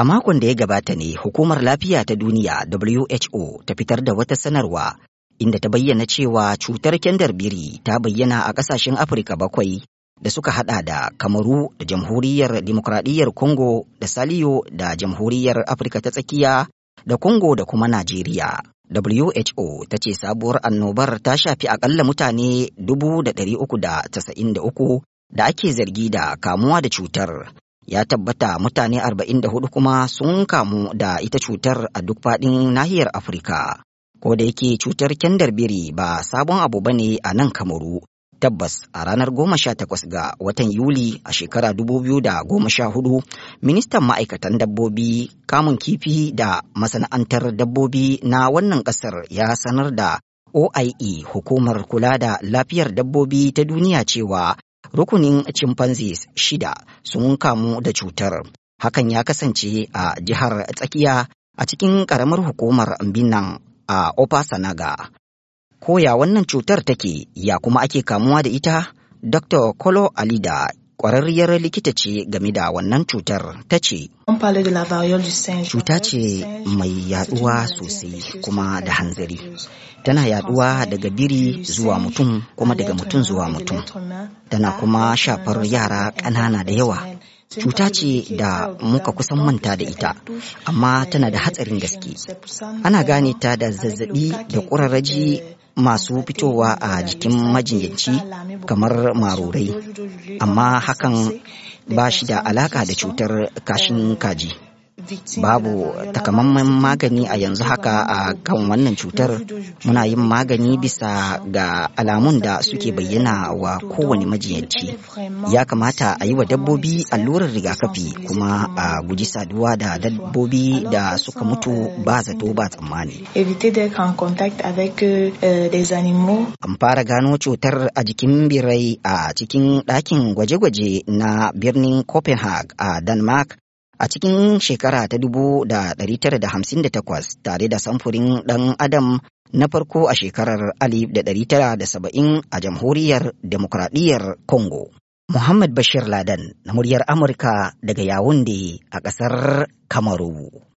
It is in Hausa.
A makon da ya gabata ne hukumar lafiya ta duniya WHO ta fitar da wata sanarwa inda ta bayyana cewa cutar kyandar biri ta bayyana a ƙasashen Afirka bakwai da suka hada da Kamaru da Jamhuriyar Dimokuraɗiyyar Congo da Saliyo da Jamhuriyar Afirka ta tsakiya da Congo da kuma Najeriya. WHO ta ce sabuwar annobar ta shafi akalla mutane da uku da ake zargi da kamuwa da cutar ya tabbata mutane 44 kuma sun kamu da ita cutar a duk faɗin nahiyar Afirka. Ko da yake cutar kyandar biri ba sabon abu ba ne a nan Kamaru, tabbas a ranar 18 ga watan Yuli a shekara 2014 ministan ma'aikatan dabbobi kamun kifi da masana'antar dabbobi na wannan ƙasar ya sanar da OIE hukumar kula da lafiyar dabbobi ta duniya cewa rukunin chimpanzees shida sun kamu da cutar. Hakan ya kasance a jihar tsakiya a cikin ƙaramar hukumar Binan a Opasanaga. Koya wannan cutar take ya kuma ake kamuwa da ita? Dr. Kolo Alida kwararriyar likita ce game da wannan cutar ta ce cuta ce mai yaduwa sosai kuma da hanzari tana yaduwa daga biri zuwa mutum kuma daga mutum zuwa mutum tana kuma shafar yara ƙanana da yawa cuta ce da muka kusan manta da ita amma tana da hatsarin gaske ana gane ta da zazzabi da ƙurarraji masu fitowa a jikin majinyanci kamar marurai amma hakan ba shi da alaka da cutar kashin kaji. babu takamaiman magani a yanzu haka a kan wannan cutar muna yin magani bisa ga alamun da suke bayyana wa kowane majiyanci ya kamata a yi wa dabbobi allurar rigakafi kuma a guji saduwa da dabbobi da suka mutu euh, ba zato ba tsammani euh, euh, an fara gano cutar a jikin birai a cikin ɗakin gwaje-gwaje na birnin copenhagen a denmark a cikin shekara ta takwas tare da samfurin ɗan adam na farko a shekarar 1970 a jamhuriyar demokradiyyar congo muhammad bashir ladan na muryar amurka daga yawunde a ƙasar kamaru